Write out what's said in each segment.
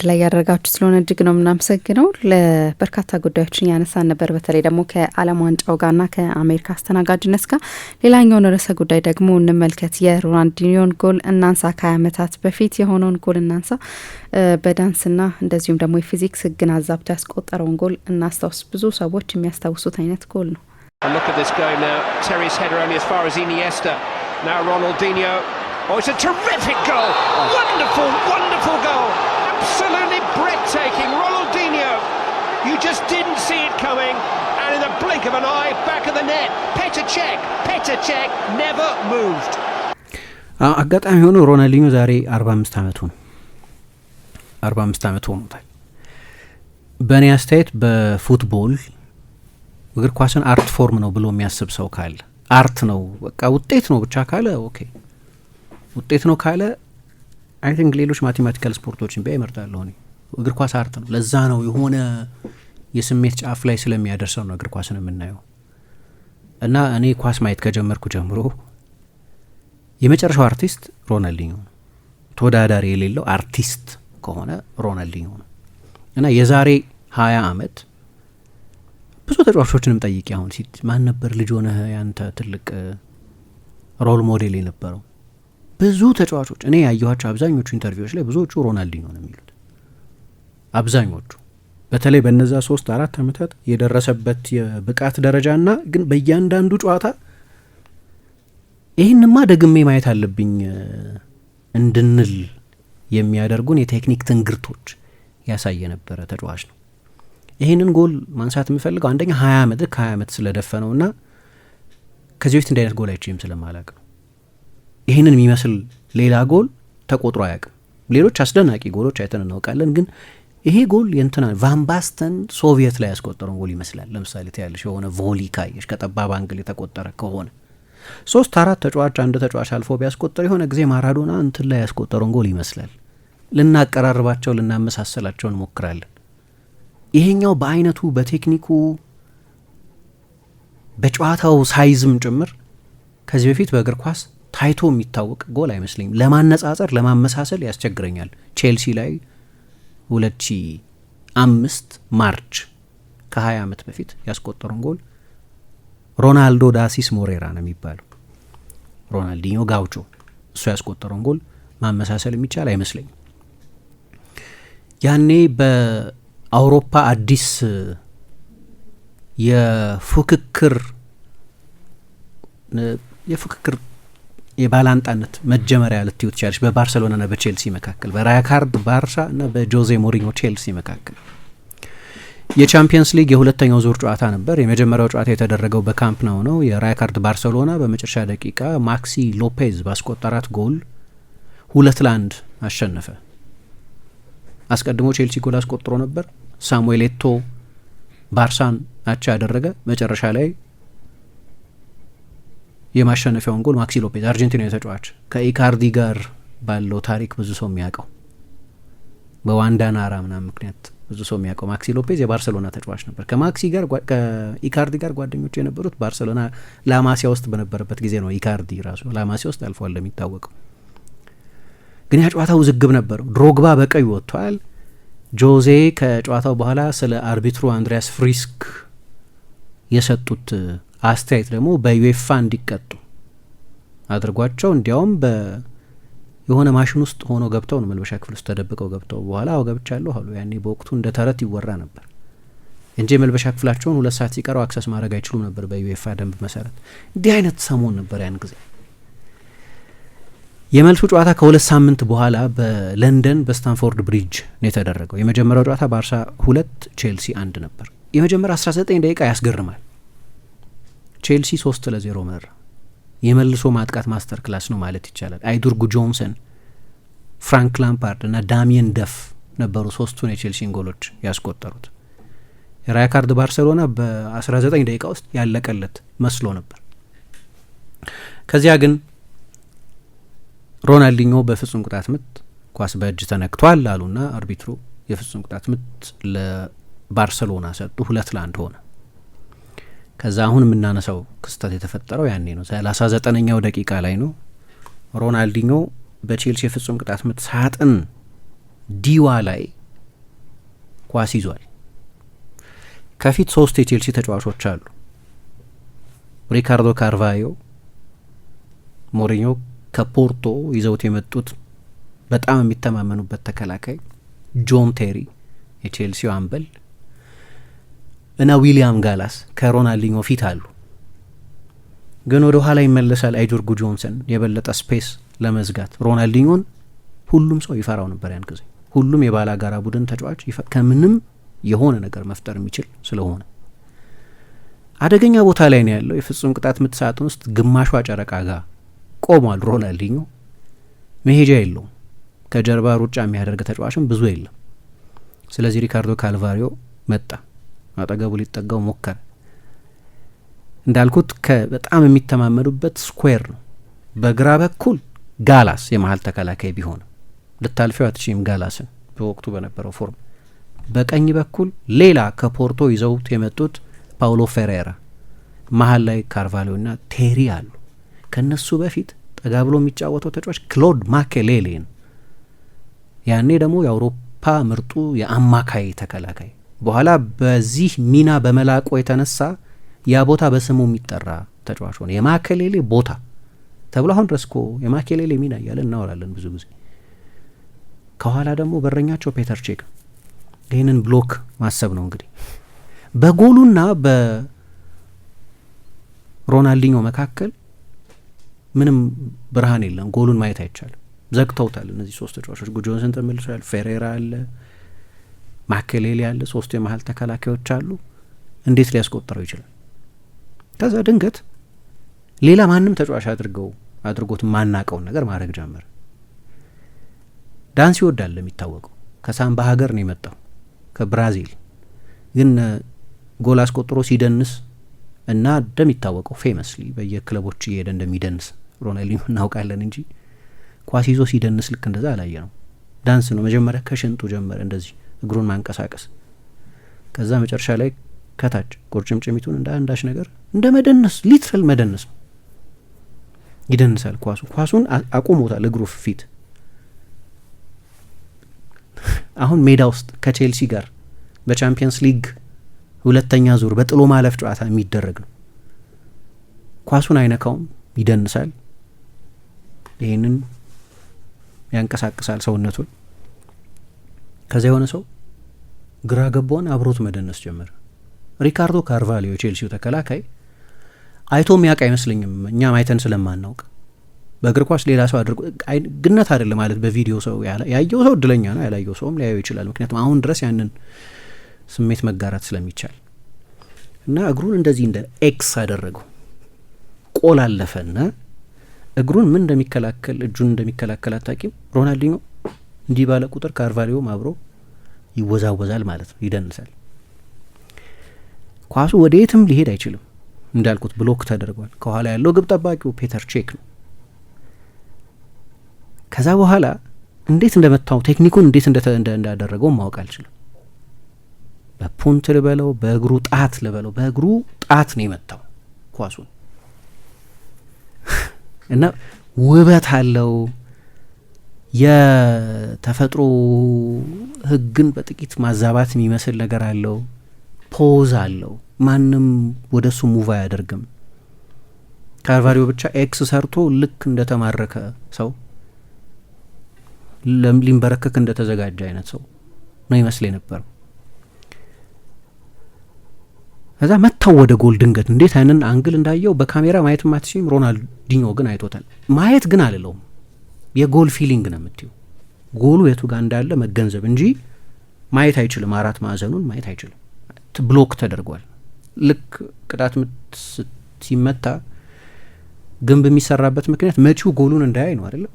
አንድ ላይ ያደረጋችሁ ስለሆነ እጅግ ነው የምናመሰግነው። ለበርካታ ጉዳዮችን ያነሳን ነበር፣ በተለይ ደግሞ ከዓለም ዋንጫው ጋርና ከአሜሪካ አስተናጋጅነት ጋር። ሌላኛውን ርዕሰ ጉዳይ ደግሞ እንመልከት። የሮናልዲኒዮን ጎል እናንሳ፣ ከሀያ ዓመታት በፊት የሆነውን ጎል እናንሳ። በዳንስና እንደዚሁም ደግሞ የፊዚክስ ህግን አዛብቶ ያስቆጠረውን ጎል እናስታውስ። ብዙ ሰዎች የሚያስታውሱት አይነት ጎል ነው። Now Ronaldinho. Oh, it's a terrific goal. Wonderful, wonderful goal. absolutely breathtaking. Ronaldinho, you just didn't see it coming. And in the blink of an eye, back of the net. Petr Cech, Petr Cech never moved. አጋጣሚ ሆኖ ሮናልዲኞ ዛሬ 45 ዓመቱ ነው። 45 ዓመት ሆኖታል። በእኔ አስተያየት በፉትቦል እግር ኳስን አርት ፎርም ነው ብሎ የሚያስብ ሰው ካለ አርት ነው በቃ ውጤት ነው ብቻ ካለ ኦኬ ውጤት ነው ካለ አይ ቲንክ ሌሎች ማቴማቲካል ስፖርቶችን ቢያ ይመርጣለሁ እኔ። እግር ኳስ አርት ነው። ለዛ ነው የሆነ የስሜት ጫፍ ላይ ስለሚያደርሰው ነው እግር ኳስን የምናየው። እና እኔ ኳስ ማየት ከጀመርኩ ጀምሮ የመጨረሻው አርቲስት ሮናልዲኞ ነው። ተወዳዳሪ የሌለው አርቲስት ከሆነ ሮናልዲኞ ነው። እና የዛሬ ሀያ አመት ብዙ ተጫዋቾችንም ጠይቄ አሁን ሲት ማን ነበር ልጅ ሆነህ ያንተ ትልቅ ሮል ሞዴል የነበረው ብዙ ተጫዋቾች እኔ ያየኋቸው አብዛኞቹ ኢንተርቪዎች ላይ ብዙዎቹ ሮናልዲኞ ነው የሚሉት አብዛኞቹ በተለይ በነዛ ሶስት አራት ዓመታት የደረሰበት የብቃት ደረጃ ግን በእያንዳንዱ ጨዋታ ይህንማ ደግሜ ማየት አለብኝ እንድንል የሚያደርጉን የቴክኒክ ትንግርቶች ያሳየ ነበረ ተጫዋች ነው። ይህንን ጎል ማንሳት የምፈልገው አንደኛ ሀያ ዓመት ከሀያ ዓመት ስለደፈነው እና ከዚህ በፊት እንዲህ አይነት ጎል አይችም ስለማላቅ ነው። ይህንን የሚመስል ሌላ ጎል ተቆጥሮ አያውቅም። ሌሎች አስደናቂ ጎሎች አይተን እናውቃለን፣ ግን ይሄ ጎል የንትና ቫንባስተን ሶቪየት ላይ ያስቆጠረውን ጎል ይመስላል። ለምሳሌ ትያለሽ የሆነ ቮሊ ካየሽ ከጠባብ አንግል የተቆጠረ ከሆነ ሶስት አራት ተጫዋች አንድ ተጫዋች አልፎ ቢያስቆጠር የሆነ ጊዜ ማራዶና እንትን ላይ ያስቆጠረውን ጎል ይመስላል። ልናቀራርባቸው ልናመሳሰላቸው እንሞክራለን። ይሄኛው በአይነቱ በቴክኒኩ በጨዋታው ሳይዝም ጭምር ከዚህ በፊት በእግር ኳስ ታይቶ የሚታወቅ ጎል አይመስለኝም። ለማነጻጸር ለማመሳሰል ያስቸግረኛል። ቼልሲ ላይ 2005 ማርች ከ20 ዓመት በፊት ያስቆጠሩን ጎል ሮናልዶ ዳሲስ ሞሬራ ነው የሚባለው። ሮናልዲኞ ጋውቾ እሱ ያስቆጠረውን ጎል ማመሳሰል የሚቻል አይመስለኝም። ያኔ በአውሮፓ አዲስ የፉክክር የፉክክር የባላንጣነት መጀመሪያ ልትዩ ትችላለች። በባርሰሎናና በቼልሲ መካከል፣ በራያካርድ ባርሳ እና በጆዜ ሞሪኞ ቼልሲ መካከል የቻምፒየንስ ሊግ የሁለተኛው ዙር ጨዋታ ነበር። የመጀመሪያው ጨዋታ የተደረገው በካምፕ ነው ነው። የራያካርድ ባርሰሎና በመጨረሻ ደቂቃ ማክሲ ሎፔዝ ባስቆጠራት ጎል ሁለት ለአንድ አሸነፈ። አስቀድሞ ቼልሲ ጎል አስቆጥሮ ነበር። ሳሙኤል ኤቶ ባርሳን አቻ ያደረገ መጨረሻ ላይ የማሸነፊያውን ጎል ማክሲ ሎፔዝ አርጀንቲና ተጫዋች ከኢካርዲ ጋር ባለው ታሪክ ብዙ ሰው የሚያውቀው በዋንዳ ናራ ምናምን ምክንያት ብዙ ሰው የሚያውቀው ማክሲ ሎፔዝ የባርሰሎና ተጫዋች ነበር። ከማክሲ ጋር ከኢካርዲ ጋር ጓደኞች የነበሩት ባርሰሎና ላማሲያ ውስጥ በነበረበት ጊዜ ነው። ኢካርዲ ራሱ ላማሲያ ውስጥ አልፏል እንደሚታወቀው። ግን ያ ጨዋታ ውዝግብ ነበረው። ድሮግባ በቀይ ወጥቷል። ጆዜ ከጨዋታው በኋላ ስለ አርቢትሩ አንድሪያስ ፍሪስክ የሰጡት አስተያየት ደግሞ በዩኤፋ እንዲቀጡ አድርጓቸው እንዲያውም የሆነ ማሽን ውስጥ ሆኖ ገብተው ነው መልበሻ ክፍል ውስጥ ተደብቀው ገብተው በኋላ አዎ ገብቻለሁ አሉ። ያኔ በወቅቱ እንደ ተረት ይወራ ነበር እንጂ የመልበሻ ክፍላቸውን ሁለት ሰዓት ሲቀረው አክሰስ ማድረግ አይችሉም ነበር በዩኤፋ ደንብ መሰረት። እንዲህ አይነት ሰሞን ነበር ያን ጊዜ። የመልሱ ጨዋታ ከሁለት ሳምንት በኋላ በለንደን በስታንፎርድ ብሪጅ ነው የተደረገው። የመጀመሪያው ጨዋታ ባርሳ ሁለት ቼልሲ አንድ ነበር። የመጀመሪያ 19 ደቂቃ ያስገርማል። ቼልሲ ሶስት ለዜሮ መራ። የመልሶ ማጥቃት ማስተር ክላስ ነው ማለት ይቻላል። አይዱርጉ ጆንሰን፣ ፍራንክ ላምፓርድ እና ዳሚየን ደፍ ነበሩ ሶስቱን የቼልሲን ጎሎች ያስቆጠሩት። ራይካርድ ባርሴሎና በ19 ደቂቃ ውስጥ ያለቀለት መስሎ ነበር። ከዚያ ግን ሮናልዲኞ በፍጹም ቅጣት ምት ኳስ በእጅ ተነክቷል አሉና አርቢትሩ የፍጹም ቅጣት ምት ለባርሰሎና ሰጡ። ሁለት ለአንድ ሆነ። ከዛ አሁን የምናነሳው ክስተት የተፈጠረው ያኔ ነው። ሰላሳ ዘጠነኛው ደቂቃ ላይ ነው። ሮናልዲኞ በቼልሲ የፍጹም ቅጣት ምት ሳጥን ዲዋ ላይ ኳስ ይዟል። ከፊት ሶስት የቼልሲ ተጫዋቾች አሉ። ሪካርዶ ካርቫዮ ሞሪኞ ከፖርቶ ይዘውት የመጡት በጣም የሚተማመኑበት ተከላካይ፣ ጆን ቴሪ የቼልሲው አምበል እና ዊሊያም ጋላስ ከሮናልዲኞ ፊት አሉ። ግን ወደ ኋላ ይመለሳል። አይጆርጉ ጆንሰን የበለጠ ስፔስ ለመዝጋት ሮናልዲኞን ሁሉም ሰው ይፈራው ነበር። ያን ጊዜ ሁሉም የባላ ጋራ ቡድን ተጫዋች ከምንም የሆነ ነገር መፍጠር የሚችል ስለሆነ አደገኛ ቦታ ላይ ነው ያለው። የፍጹም ቅጣት ምት ሳጥን ውስጥ ግማሿ ጨረቃ ጋር ቆሟል ሮናልዲኞ። መሄጃ የለውም። ከጀርባ ሩጫ የሚያደርግ ተጫዋችም ብዙ የለም። ስለዚህ ሪካርዶ ካልቫሪዮ መጣ። አጠገቡ ሊጠጋው ሞከረ። እንዳልኩት በጣም የሚተማመኑበት ስኩዌር ነው። በግራ በኩል ጋላስ የመሀል ተከላካይ ቢሆንም ልታልፊው አትችም ጋላስን በወቅቱ በነበረው ፎርም። በቀኝ በኩል ሌላ ከፖርቶ ይዘውት የመጡት ፓውሎ ፌሬራ፣ መሀል ላይ ካርቫሊዮና ቴሪ አሉ። ከእነሱ በፊት ጠጋ ብሎ የሚጫወተው ተጫዋች ክሎድ ማኬሌሌ ነው። ያኔ ደግሞ የአውሮፓ ምርጡ የአማካይ ተከላካይ በኋላ በዚህ ሚና በመላቆ የተነሳ ያ ቦታ በስሙ የሚጠራ ተጫዋች ሆነ። የማከሌሌ ቦታ ተብሎ አሁን ድረስ እኮ የማከሌሌ ሚና እያለ እናወራለን ብዙ ጊዜ። ከኋላ ደግሞ በረኛቸው ፔተር ቼክ ይህንን ብሎክ ማሰብ ነው እንግዲህ በጎሉና በሮናልዲኞ መካከል ምንም ብርሃን የለም። ጎሉን ማየት አይቻልም፣ ዘግተውታል። እነዚህ ሶስት ተጫዋቾች ጉጆንስን ተመልሷል፣ ፌሬራ አለ ማከሌል ያለ ሶስቱ የመሀል ተከላካዮች አሉ። እንዴት ሊያስቆጥረው ይችላል? ከዛ ድንገት ሌላ ማንም ተጫዋች አድርገው አድርጎት ማናቀውን ነገር ማድረግ ጀመረ። ዳንስ ይወዳል የሚታወቀው ከሳምባ ሀገር ነው የመጣው ከብራዚል ግን ጎል አስቆጥሮ ሲደንስ እና እንደሚታወቀው ፌመስሊ በየክለቦች እየሄደ እንደሚደንስ ሮናልዲን እናውቃለን እንጂ ኳስ ይዞ ሲደንስ ልክ እንደዛ አላየ ነው። ዳንስ ነው መጀመሪያ ከሽንጡ ጀመረ እንደዚህ እግሩን ማንቀሳቀስ ከዛ መጨረሻ ላይ ከታች ቁርጭምጭሚቱን እንደ አንዳች ነገር እንደ መደነስ ሊትራል መደነስ ነው። ይደንሳል። ኳሱ ኳሱን አቁሞታል እግሩ ፊት። አሁን ሜዳ ውስጥ ከቼልሲ ጋር በቻምፒየንስ ሊግ ሁለተኛ ዙር በጥሎ ማለፍ ጨዋታ የሚደረግ ነው። ኳሱን አይነካውም፣ ይደንሳል። ይህንን ያንቀሳቅሳል ሰውነቱን ከዚያ የሆነ ሰው ግራ ገባውን አብሮት መደነስ ጀመረ። ሪካርዶ ካርቫሊዮ ቼልሲው ተከላካይ አይቶ የሚያውቅ አይመስለኝም፣ እኛም አይተን ስለማናውቅ በእግር ኳስ ሌላ ሰው አድርጎ ግነት አይደለም ማለት በቪዲዮ ሰው ያየው ሰው እድለኛ ነው፣ ያላየው ሰውም ሊያየው ይችላል። ምክንያቱም አሁን ድረስ ያንን ስሜት መጋራት ስለሚቻል እና እግሩን እንደዚህ እንደ ኤክስ አደረገው ቆል እግሩን ምን እንደሚከላከል እጁን እንደሚከላከል አታቂም። ሮናልዲኞ እንዲህ ባለ ቁጥር ካርቫሊዮም አብሮ ይወዛወዛል ማለት ነው፣ ይደንሳል። ኳሱ ወደ የትም ሊሄድ አይችልም። እንዳልኩት ብሎክ ተደርጓል። ከኋላ ያለው ግብ ጠባቂው ፔተር ቼክ ነው። ከዛ በኋላ እንዴት እንደመታው ቴክኒኩን እንዴት እንዳደረገው ማወቅ አልችልም። በፑንት ልበለው፣ በእግሩ ጣት ልበለው፣ በእግሩ ጣት ነው የመታው ኳሱን እና ውበት አለው የተፈጥሮ ህግን በጥቂት ማዛባት የሚመስል ነገር አለው። ፖዝ አለው። ማንም ወደ እሱ ሙቭ አያደርግም። ካርቫሪዮ ብቻ ኤክስ ሰርቶ ልክ እንደተማረከ ሰው ሊንበረከክ እንደተዘጋጀ አይነት ሰው ነው ይመስል የነበረው። ከዛ መታው ወደ ጎል ድንገት እንዴት አይንን አንግል እንዳየው በካሜራ ማየት ማትሲም ሮናልዲኞ ግን አይቶታል። ማየት ግን አልለውም የጎል ፊሊንግ ነው የምትዩ ጎሉ የቱ ጋር እንዳለ መገንዘብ እንጂ ማየት አይችልም። አራት ማዕዘኑን ማየት አይችልም። ብሎክ ተደርጓል። ልክ ቅጣት ምት ሲመታ ግንብ የሚሰራበት ምክንያት መቺው ጎሉን እንዳያይ ነው አይደለም።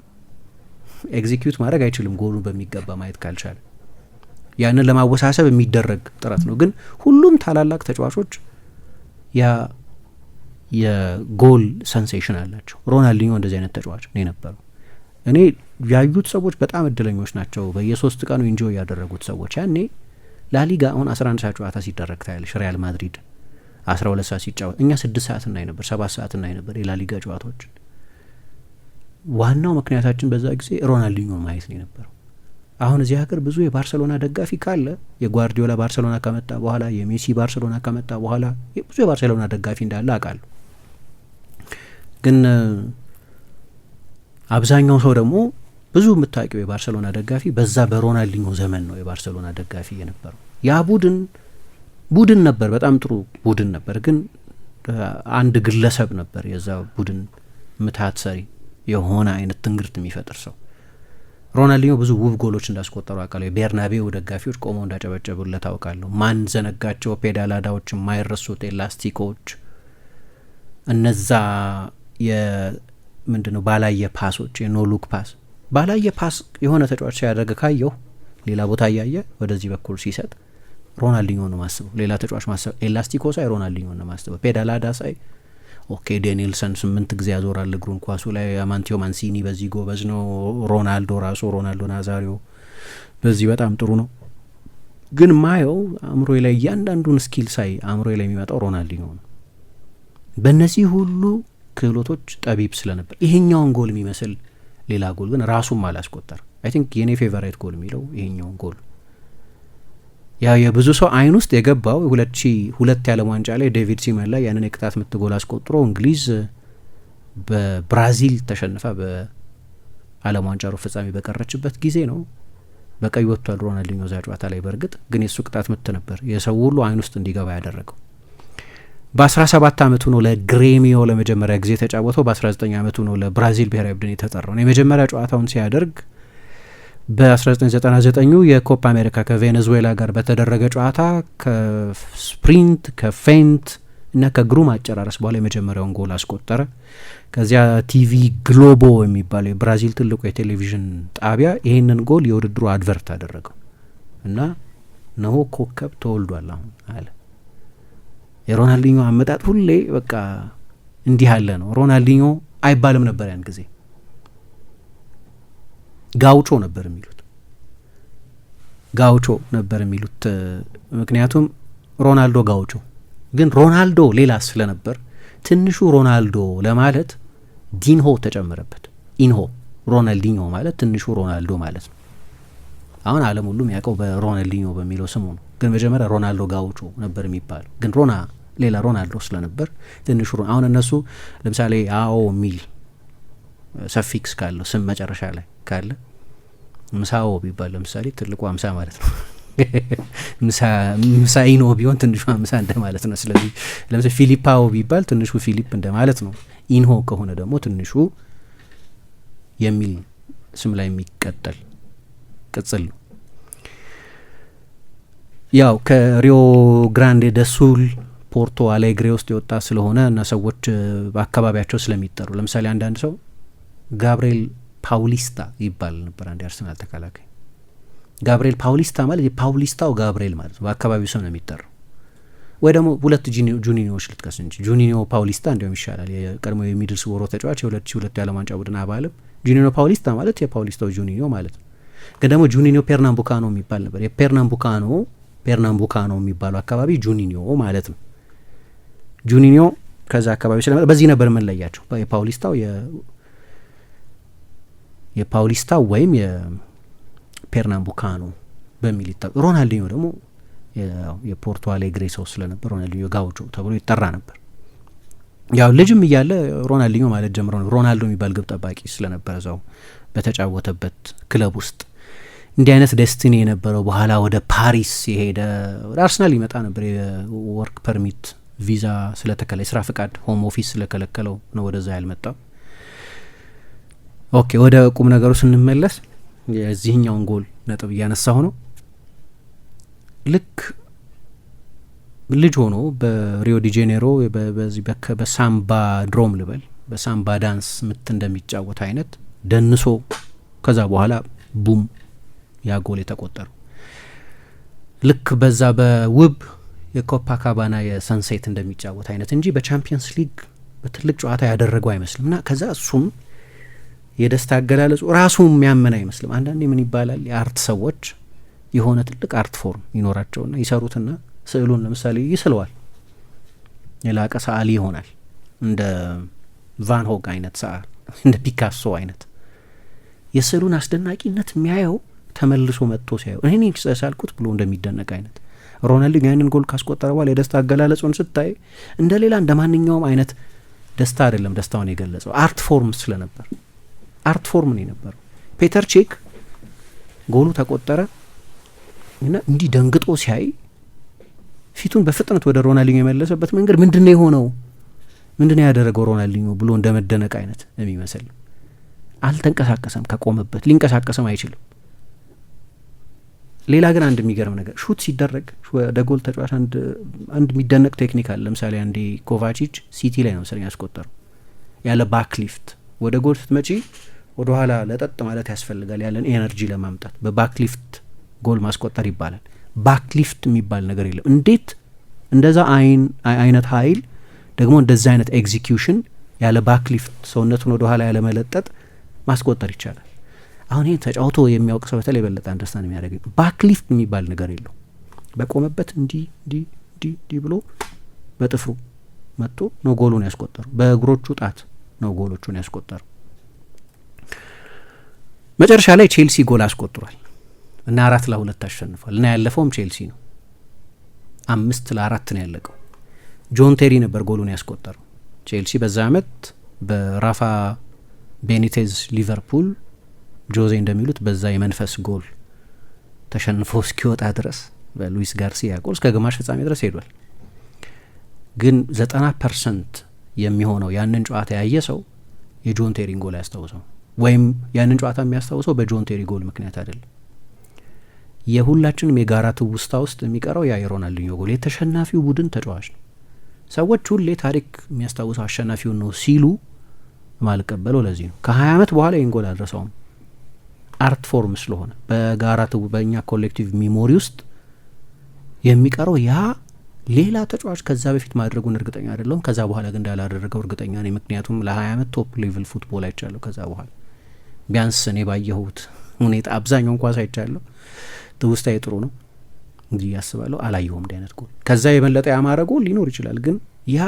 ኤግዚኪዩት ማድረግ አይችልም ጎሉን በሚገባ ማየት ካልቻለ። ያንን ለማወሳሰብ የሚደረግ ጥረት ነው። ግን ሁሉም ታላላቅ ተጫዋቾች ያ የጎል ሰንሴሽን አላቸው። ሮናልዲኞ እንደዚህ አይነት ተጫዋች ነው የነበረው። እኔ ያዩት ሰዎች በጣም እድለኞች ናቸው። በየሶስት ቀኑ ኢንጆ ያደረጉት ሰዎች ያኔ ላሊጋ አሁን አስራ አንድ ሰዓት ጨዋታ ሲደረግ ታያለሽ። ሪያል ማድሪድ አስራ ሁለት ሰዓት ሲጫወት እኛ ስድስት ሰዓት እናይ ነበር፣ ሰባት ሰዓት እናይ ነበር የላሊጋ ጨዋታዎችን። ዋናው ምክንያታችን በዛ ጊዜ ሮናልዲኞ ማየት ነው የነበረው። አሁን እዚህ ሀገር ብዙ የባርሰሎና ደጋፊ ካለ የጓርዲዮላ ባርሰሎና ከመጣ በኋላ የሜሲ ባርሰሎና ከመጣ በኋላ ብዙ የባርሰሎና ደጋፊ እንዳለ አውቃለሁ ግን አብዛኛው ሰው ደግሞ ብዙ የምታውቂው የባርሰሎና ደጋፊ በዛ በሮናልዲኞ ዘመን ነው የባርሰሎና ደጋፊ የነበረው። ያ ቡድን ቡድን ነበር፣ በጣም ጥሩ ቡድን ነበር። ግን አንድ ግለሰብ ነበር የዛ ቡድን ምትሃት ሰሪ የሆነ አይነት ትንግርት የሚፈጥር ሰው። ሮናልዲኞ ብዙ ውብ ጎሎች እንዳስቆጠሩ አውቃለሁ። የቤርናቤው ደጋፊዎች ቆመው እንዳጨበጨቡለት አውቃለሁ። ማን ዘነጋቸው ፔዳላዳዎች፣ የማይረሱት ኤላስቲኮች እነዛ ምንድነው ባላየ ፓሶች የኖሉክ ፓስ ባላየ ፓስ የሆነ ተጫዋች ሲያደርግ ካየው ሌላ ቦታ እያየ ወደዚህ በኩል ሲሰጥ ሮናልዲኞ ነው ማስበው። ሌላ ተጫዋች ማሰብ ኤላስቲኮ ሳይ ሮናልዲኞ ነው ማስበው። ፔዳላዳ ሳይ ኦኬ ዴኒልሰን ስምንት ጊዜ ያዞራል እግሩን ኳሱ ላይ። አማንቲዮ ማንሲኒ በዚህ ጎበዝ ነው። ሮናልዶ ራሱ ሮናልዶ ናዛሪዮ በዚህ በጣም ጥሩ ነው። ግን ማየው አእምሮ ላይ እያንዳንዱን ስኪል ሳይ አእምሮ ላይ የሚመጣው ሮናልዲኞ ነው። በእነዚህ ሁሉ ክህሎቶች ጠቢብ ስለነበር ይሄኛውን ጎል የሚመስል ሌላ ጎል ግን ራሱም አላስቆጠር። አይ ቲንክ የኔ ፌቨራይት ጎል የሚለው ይሄኛውን ጎል ያ የብዙ ሰው አይን ውስጥ የገባው ሁለት ሺ ሁለት የዓለም ዋንጫ ላይ ዴቪድ ሲመን ላይ ያንን የቅጣት ምት ጎል አስቆጥሮ እንግሊዝ በብራዚል ተሸንፋ በዓለም ዋንጫ ሩብ ፍጻሜ በቀረችበት ጊዜ ነው። በቀይ ወጥቷል ሮናልዲኞ እዛ ጨዋታ ላይ። በእርግጥ ግን የእሱ ቅጣት ምት ነበር የሰው ሁሉ አይን ውስጥ እንዲገባ ያደረገው። በ17 ዓመቱ ነው ለግሬሚዮ ለመጀመሪያ ጊዜ ተጫወተው። በ19 ዓመቱ ነው ለብራዚል ብሔራዊ ቡድን የተጠራው ነው። የመጀመሪያ ጨዋታውን ሲያደርግ በ1999 የኮፓ አሜሪካ ከቬኔዙዌላ ጋር በተደረገ ጨዋታ ከስፕሪንት ከፌንት እና ከግሩም አጨራረስ በኋላ የመጀመሪያውን ጎል አስቆጠረ። ከዚያ ቲቪ ግሎቦ የሚባለው የብራዚል ትልቁ የቴሌቪዥን ጣቢያ ይህንን ጎል የውድድሩ አድቨርት አደረገው እና ነሆ ኮከብ ተወልዷል አሁን አለ። የሮናልዲኞ አመጣጥ ሁሌ በቃ እንዲህ ያለ ነው። ሮናልዲኞ አይባልም ነበር ያን ጊዜ ጋውቾ ነበር የሚሉት ጋውቾ ነበር የሚሉት ምክንያቱም ሮናልዶ ጋውቾ ግን ሮናልዶ ሌላ ስለነበር ትንሹ ሮናልዶ ለማለት ዲንሆ ተጨመረበት። ኢንሆ ሮናልዲኞ ማለት ትንሹ ሮናልዶ ማለት ነው። አሁን አለም ሁሉም ያውቀው በሮናልዲኞ በሚለው ስሙ ነው። ግን መጀመሪያ ሮናልዶ ጋውቾ ነበር የሚባለው። ግን ሮና ሌላ ሮናልዶ ስለነበር ትንሹ አሁን እነሱ ለምሳሌ አዎ ሚል ሰፊክስ ካለው ስም መጨረሻ ላይ ካለ ምሳዎ ቢባል ለምሳሌ ትልቁ አምሳ ማለት ነው። ምሳ ኢኖ ቢሆን ትንሹ አምሳ እንደማለት ነው። ስለዚህ ለምሳሌ ፊሊፓዎ ቢባል ትንሹ ፊሊፕ እንደማለት ነው። ኢንሆ ከሆነ ደግሞ ትንሹ የሚል ስም ላይ የሚቀጠል ቅጽል ያው ከሪዮ ግራንዴ ደሱል ፖርቶ አሌግሬ ውስጥ የወጣ ስለሆነ እና ሰዎች በአካባቢያቸው ስለሚጠሩ ለምሳሌ አንዳንድ ሰው ጋብርኤል ፓውሊስታ ይባል ነበር። አንድ የአርሰናል ተከላካይ ጋብርኤል ፓውሊስታ ማለት የፓውሊስታው ጋብርኤል ማለት ነው። በአካባቢው ሰው ነው የሚጠራው። ወይ ደግሞ ሁለት ጁኒኒዎች ልጥቀስ እንጂ ጁኒኒዮ ፓውሊስታ እንዲሁም ይሻላል። የቀድሞ የሚድልስ ወሮ ተጫዋች የሁለት ሺ ሁለቱ የዓለም ዋንጫ ቡድን አባልም ጁኒኒዮ ፓውሊስታ ማለት የፓውሊስታው ጁኒኒዮ ማለት ነው። ግን ደግሞ ጁኒኒዮ ፔርናምቡካኖ የሚባል ነበር። የፔርናምቡካኖ ፔርናምቡካኖ የሚባለው አካባቢ ጁኒኒዮ ማለት ነው። ጁኒኒዮ ከዛ አካባቢ ስለመጣ በዚህ ነበር የምንለያቸው የፓውሊስታው የፓውሊስታ ወይም የፔርናምቡካኖ በሚል ይጠ ሮናልዲኞ ደግሞ የፖርቶ አሌግሬ ሰው ስለነበር ሮናልዲኞ ጋውጮ ተብሎ ይጠራ ነበር። ያው ልጅም እያለ ሮናልዲኞ ማለት ጀምሮ ነው። ሮናልዶ የሚባል ግብ ጠባቂ ስለነበረ ዛው በተጫወተበት ክለብ ውስጥ እንዲህ አይነት ዴስቲኒ የነበረው በኋላ ወደ ፓሪስ የሄደ ወደ አርሰናል ይመጣ ነበር የወርክ ፐርሚት ቪዛ ስለተከለ የስራ ፍቃድ ሆም ኦፊስ ስለከለከለው ነው ወደዛ ያልመጣው። ኦኬ ወደ ቁም ነገሩ ስንመለስ የዚህኛውን ጎል ነጥብ እያነሳሁ ነው። ልክ ልጅ ሆኖ በሪዮ ዲ ጄኔሮ በዚህ በሳምባ ድሮም ልበል በሳምባ ዳንስ ምት እንደሚጫወት አይነት ደንሶ ከዛ በኋላ ቡም ያ ጎል የተቆጠሩ ልክ በዛ በውብ የኮፓ ካባና የሰንሴት እንደሚጫወት አይነት እንጂ በቻምፒየንስ ሊግ በትልቅ ጨዋታ ያደረገው አይመስልም። እና ከዛ እሱም የደስታ አገላለጹ ራሱ የሚያምን አይመስልም። አንዳንዴ ምን ይባላል የአርት ሰዎች የሆነ ትልቅ አርት ፎርም ይኖራቸውና ይሰሩትና ስዕሉን ለምሳሌ ይስለዋል። የላቀ ሰዓሊ ይሆናል እንደ ቫንሆግ አይነት ሰዓሊ፣ እንደ ፒካሶ አይነት የስዕሉን አስደናቂነት የሚያየው ተመልሶ መጥቶ ሲያዩ እኔ ሳልኩት ብሎ እንደሚደነቅ አይነት ሮናልዲን ያንን ጎል ካስቆጠረ በኋላ የደስታ አገላለጹን ስታይ እንደ ሌላ እንደ ማንኛውም አይነት ደስታ አይደለም ደስታውን የገለጸው አርት ፎርም ስለነበር አርት ፎርም ነው የነበረው። ፔተር ቼክ ጎሉ ተቆጠረ እና እንዲህ ደንግጦ ሲያይ ፊቱን በፍጥነት ወደ ሮናልዲኞ የመለሰበት መንገድ ምንድነው የሆነው ምንድነው ያደረገው ሮናልዲኞ ብሎ እንደ መደነቅ አይነት የሚመስል አልተንቀሳቀሰም። ከቆመበት ሊንቀሳቀስም አይችልም። ሌላ ግን አንድ የሚገርም ነገር ሹት ሲደረግ ወደ ጎል ተጫዋች አንድ የሚደነቅ ቴክኒክ አለ። ለምሳሌ አንዴ ኮቫቺች ሲቲ ላይ ነው መሰለኝ ያስቆጠረው ያለ ባክሊፍት ወደ ጎል ስትመጪ ወደ ኋላ ለጠጥ ማለት ያስፈልጋል ያለን ኤነርጂ ለማምጣት በባክሊፍት ጎል ማስቆጠር ይባላል። ባክሊፍት የሚባል ነገር የለም። እንዴት እንደዛ አይነት ኃይል ደግሞ እንደዛ አይነት ኤግዚኪዩሽን ያለ ባክሊፍት ሰውነቱን ወደ ኋላ ያለመለጠጥ ማስቆጠር ይቻላል? አሁን ይህ ተጫውቶ የሚያውቅ ሰው በተለይ የበለጠ አንደርስታንድ የሚያደርግ ባክሊፍት የሚባል ነገር የለው። በቆመበት እንዲ ዲ ዲ ዲ ብሎ በጥፍሩ መጥቶ ነው ጎሉን ያስቆጠሩ። በእግሮቹ ጣት ነው ጎሎቹን ያስቆጠሩ። መጨረሻ ላይ ቼልሲ ጎል አስቆጥሯል እና አራት ለሁለት አሸንፏል እና ያለፈውም ቼልሲ ነው። አምስት ለአራት ነው ያለቀው። ጆን ቴሪ ነበር ጎሉን ያስቆጠረው። ቼልሲ በዛ አመት በራፋ ቤኒቴዝ ሊቨርፑል ጆዜ እንደሚሉት በዛ የመንፈስ ጎል ተሸንፎ እስኪወጣ ድረስ በሉዊስ ጋርሲያ ጎል እስከ ግማሽ ፍጻሜ ድረስ ሄዷል። ግን ዘጠና ፐርሰንት የሚሆነው ያንን ጨዋታ ያየ ሰው የጆን ቴሪን ጎል አያስታውሰው ወይም ያንን ጨዋታ የሚያስታውሰው በጆን ቴሪ ጎል ምክንያት አይደለም። የሁላችንም የጋራ ትውስታ ውስጥ የሚቀረው ያ የሮናልዲኞ ጎል የተሸናፊው ቡድን ተጫዋች ነው። ሰዎች ሁሌ ታሪክ የሚያስታውሰው አሸናፊውን ነው ሲሉ ማልቀበለው ለዚህ ነው። ዓመት በኋላ ይህን ጎል አልረሳውም። አርት ፎርም ስለሆነ በጋራ ትው በእኛ ኮሌክቲቭ ሚሞሪ ውስጥ የሚቀረው ያ ሌላ ተጫዋች ከዛ በፊት ማድረጉን እርግጠኛ አይደለሁም። ከዛ በኋላ ግን እንዳላደረገው እርግጠኛ ነኝ። ምክንያቱም ለሀያ ዓመት ቶፕ ሌቭል ፉትቦል አይቻለሁ። ከዛ በኋላ ቢያንስ እኔ ባየሁት ሁኔታ አብዛኛውን ኳስ አይቻለሁ። ትውስታዬ ጥሩ ነው እንጂ ያስባለሁ አላየሁም እንዲህ አይነት ጎል። ከዛ የበለጠ ያማረ ጎል ሊኖር ይችላል፣ ግን ያ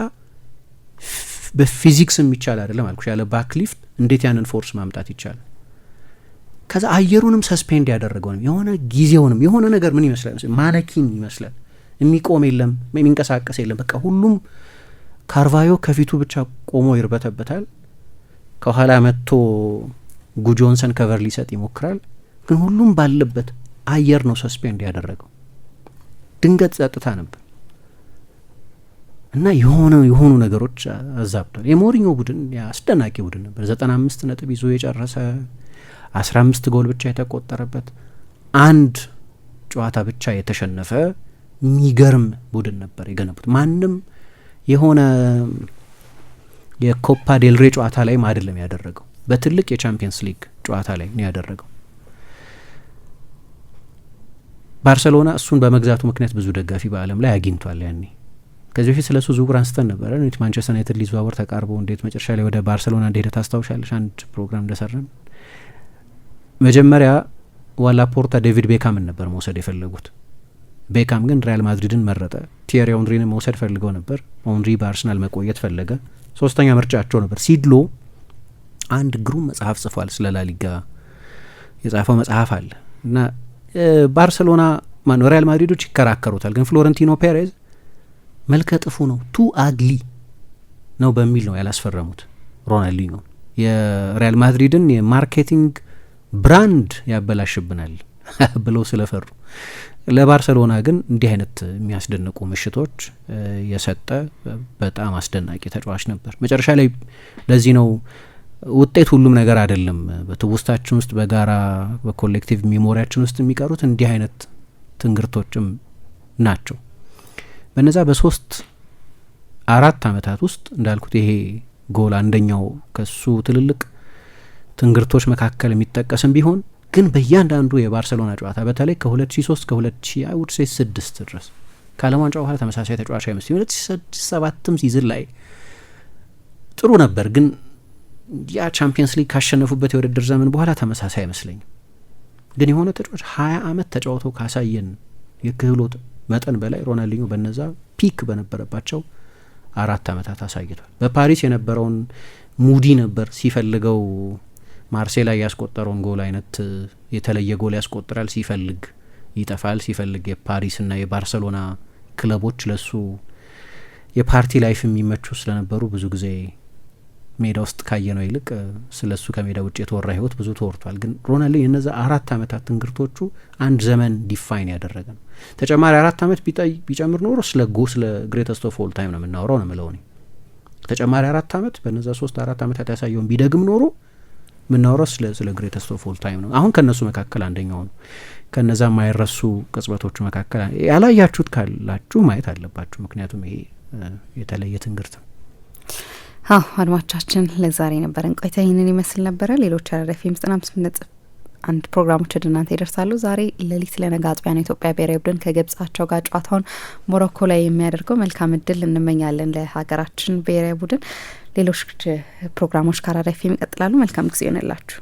በፊዚክስ የሚቻል አይደለም አልኩሽ። ያለ ባክሊፍት እንዴት ያንን ፎርስ ማምጣት ይቻላል? ከዛ አየሩንም ሰስፔንድ ያደረገውንም የሆነ ጊዜውንም የሆነ ነገር ምን ይመስላል ማነኪን ይመስላል። የሚቆም የለም የሚንቀሳቀስ የለም። በቃ ሁሉም ካርቫዮ ከፊቱ ብቻ ቆሞ ይርበተበታል። ከኋላ መጥቶ ጉጆንሰን ከቨር ሊሰጥ ይሞክራል። ግን ሁሉም ባለበት አየር ነው ሰስፔንድ ያደረገው። ድንገት ጸጥታ ነበር እና የሆነ የሆኑ ነገሮች አዛብቷል። የሞሪኞ ቡድን አስደናቂ ቡድን ነበር። ዘጠና አምስት ነጥብ ይዞ የጨረሰ አስራ አምስት ጎል ብቻ የተቆጠረበት አንድ ጨዋታ ብቻ የተሸነፈ ሚገርም ቡድን ነበር የገነቡት። ማንም የሆነ የኮፓ ዴልሬ ጨዋታ ላይም አይደለም ያደረገው፣ በትልቅ የቻምፒየንስ ሊግ ጨዋታ ላይ ነው ያደረገው። ባርሰሎና እሱን በመግዛቱ ምክንያት ብዙ ደጋፊ በዓለም ላይ አግኝቷል። ያኔ ከዚህ በፊት ስለ እሱ ዝውውር አንስተን ነበረ። ማንቸስተር ዩናይትድ ሊዘዋወር ተቃርቦ እንዴት መጨረሻ ላይ ወደ ባርሰሎና እንደሄደ ታስታውሻለሽ? አንድ ፕሮግራም እንደሰራን መጀመሪያ ዋላፖርታ ዴቪድ ቤካምን ነበር መውሰድ የፈለጉት። ቤካም ግን ሪያል ማድሪድን መረጠ። ቲየሪ ኦንሪን መውሰድ ፈልገው ነበር። ኦንሪ በአርሰናል መቆየት ፈለገ። ሶስተኛ ምርጫቸው ነበር። ሲድሎ አንድ ግሩም መጽሐፍ ጽፏል። ስለ ላሊጋ የጻፈው መጽሐፍ አለ እና ባርሰሎና ማነው ሪያል ማድሪዶች ይከራከሩታል፣ ግን ፍሎረንቲኖ ፔሬዝ መልከ ጥፉ ነው ቱ አግሊ ነው በሚል ነው ያላስፈረሙት ሮናልዲኞ የሪያል ማድሪድን የማርኬቲንግ ብራንድ ያበላሽብናል ብለው ስለፈሩ ለባርሰሎና ግን እንዲህ አይነት የሚያስደንቁ ምሽቶች የሰጠ በጣም አስደናቂ ተጫዋች ነበር። መጨረሻ ላይ ለዚህ ነው ውጤት ሁሉም ነገር አይደለም። በትውስታችን ውስጥ በጋራ በኮሌክቲቭ ሜሞሪያችን ውስጥ የሚቀሩት እንዲህ አይነት ትንግርቶችም ናቸው። በነዛ በሶስት አራት አመታት ውስጥ እንዳልኩት ይሄ ጎል አንደኛው ከሱ ትልልቅ ትንግርቶች መካከል የሚጠቀስም ቢሆን ግን በእያንዳንዱ የባርሰሎና ጨዋታ በተለይ ከ2003 እስከ 2006 ድረስ ከዓለም ዋንጫ በኋላ ተመሳሳይ ተጫዋች አይመስል 7 ም ሲዝን ላይ ጥሩ ነበር፣ ግን ያ ቻምፒየንስ ሊግ ካሸነፉበት የውድድር ዘመን በኋላ ተመሳሳይ አይመስለኝም። ግን የሆነ ተጫዋች ሀያ አመት ተጫውቶ ካሳየን የክህሎት መጠን በላይ ሮናልዲኞ በነዛ ፒክ በነበረባቸው አራት አመታት አሳይቷል። በፓሪስ የነበረውን ሙዲ ነበር ሲፈልገው ላይ ያስቆጠረውን ጎል አይነት የተለየ ጎል ያስቆጥራል። ሲፈልግ ይጠፋል። ሲፈልግ የፓሪስና የባርሰሎና ክለቦች ለሱ የፓርቲ ላይፍ የሚመቹ ስለነበሩ ብዙ ጊዜ ሜዳ ውስጥ ካየነው ይልቅ ስለ እሱ ከሜዳ ውጭ የተወራ ህይወት ብዙ ተወርቷል። ግን ሮናልዶ የነዛ አራት ዓመታት ትንግርቶቹ አንድ ዘመን ዲፋይን ያደረገ ነው። ተጨማሪ አራት ዓመት ቢጨምር ኖሮ ስለ ጎ ስለ ግሬተስት ኦፍ ኦል ታይም ነው የምናወራው ነው ምለው ተጨማሪ አራት ዓመት በነዛ ሶስት አራት ዓመታት ያሳየውን ቢደግም ኖሮ የምናወራው ስለ ስለ ግሬተስት ኦፍ ኦል ታይም ነው። አሁን ከእነሱ መካከል አንደኛው ነው። ከነዛ ማይረሱ ቅጽበቶቹ መካከል ያላያችሁት ካላችሁ ማየት አለባችሁ። ምክንያቱም ይሄ የተለየ ትንግርት ነው። አዎ አድማጮቻችን፣ ለዛሬ ነበረን ቆይታ ይህንን ይመስል ነበረ። ሌሎች አራዳ ኤፍ ኤም ዘጠና አምስት ነጥብ አንድ ፕሮግራሞች ወደ እናንተ ይደርሳሉ። ዛሬ ሌሊት ለነገ አጥቢያን የኢትዮጵያ ብሔራዊ ቡድን ከግብጻቸው ጋር ጨዋታውን ሞሮኮ ላይ የሚያደርገው መልካም እድል እንመኛለን ለሀገራችን ብሔራዊ ቡድን። ሌሎች ፕሮግራሞች ከአራዳ ኤፍ ኤም ይቀጥላሉ። መልካም ጊዜ ይሆንላችሁ።